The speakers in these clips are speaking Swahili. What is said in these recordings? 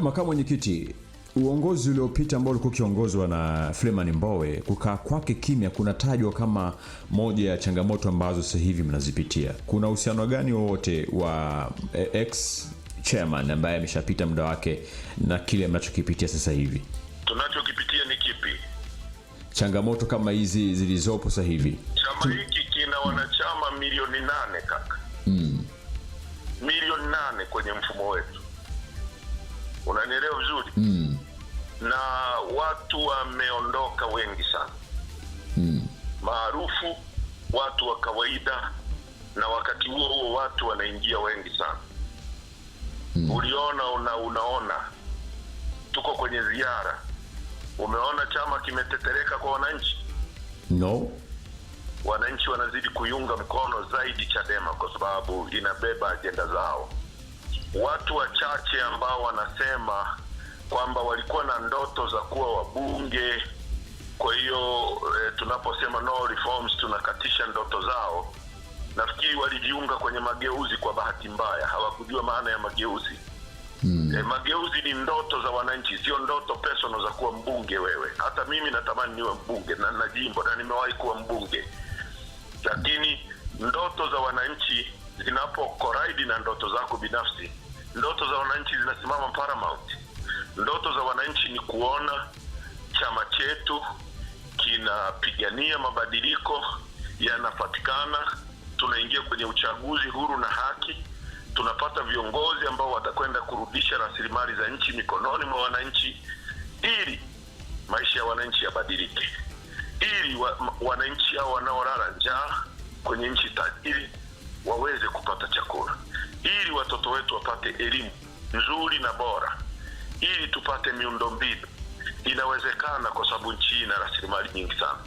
Makamu mwenyekiti, uongozi uliopita ambao ulikuwa ukiongozwa na Freeman Mbowe, kukaa kwake kimya kunatajwa kama moja ya changamoto ambazo sasa hivi mnazipitia. Kuna uhusiano gani wowote wa e, ex chairman ambaye ameshapita muda wake na kile mnachokipitia sasa hivi? Tunachokipitia ni kipi? Changamoto kama hizi zilizopo sasa hivi, chama hiki kina wanachama milioni nane kaka, mm. milioni nane kwenye mfumo wetu vizuri mm. na watu wameondoka wengi sana mm. maarufu, watu wa kawaida, na wakati huo huo watu wanaingia wengi sana mm. uliona una, unaona tuko kwenye ziara, umeona chama kimetetereka kwa wananchi no wananchi wanazidi kuiunga mkono zaidi Chadema kwa sababu inabeba ajenda zao. Watu wachache ambao wanasema kwamba walikuwa na ndoto za kuwa wabunge. Kwa hiyo e, tunaposema no reforms tunakatisha ndoto zao. Nafikiri walijiunga kwenye mageuzi kwa bahati mbaya, hawakujua maana ya mageuzi. Hmm. E, mageuzi ni ndoto za wananchi, sio ndoto pesono za kuwa mbunge wewe. Hata mimi natamani niwe mbunge na na jimbo na nimewahi kuwa mbunge, lakini ndoto za wananchi zinapo koraidi na ndoto zako binafsi, ndoto za wananchi zinasimama paramount. Ndoto za wananchi ni kuona chama chetu kinapigania mabadiliko yanapatikana, tunaingia kwenye uchaguzi huru na haki, tunapata viongozi ambao watakwenda kurudisha rasilimali za nchi mikononi mwa wananchi, ili maisha ya wananchi yabadilike, ili wa, wananchi hao wanaolala njaa kwenye nchi tajiri waweze kupata chakula, ili watoto wetu wapate elimu nzuri na bora ili tupate miundo mbinu Inawezekana kwa sababu nchi hii ina rasilimali nyingi sana.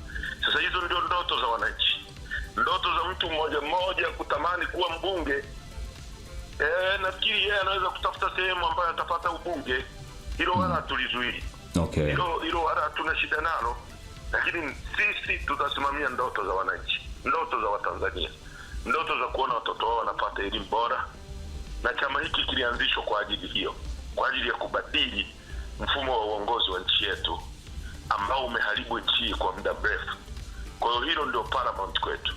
Sasa hizo ndio ndoto za wananchi, ndoto za mtu mmoja mmoja kutamani kuwa mbunge. E, nafikiri yeye anaweza kutafuta sehemu ambayo atapata ubunge. Hilo hmm. wala hatulizuili okay. Hilo hilo wala hatuna shida nalo, lakini sisi tutasimamia ndoto za wananchi, ndoto za Watanzania, ndoto za kuona watoto wao wanapata elimu bora, na chama hiki kilianzishwa kwa ajili hiyo kwa ajili ya kubadili mfumo wa uongozi wa nchi yetu ambao umeharibu nchi kwa muda mrefu. Kwa hiyo hilo ndio paramount kwetu.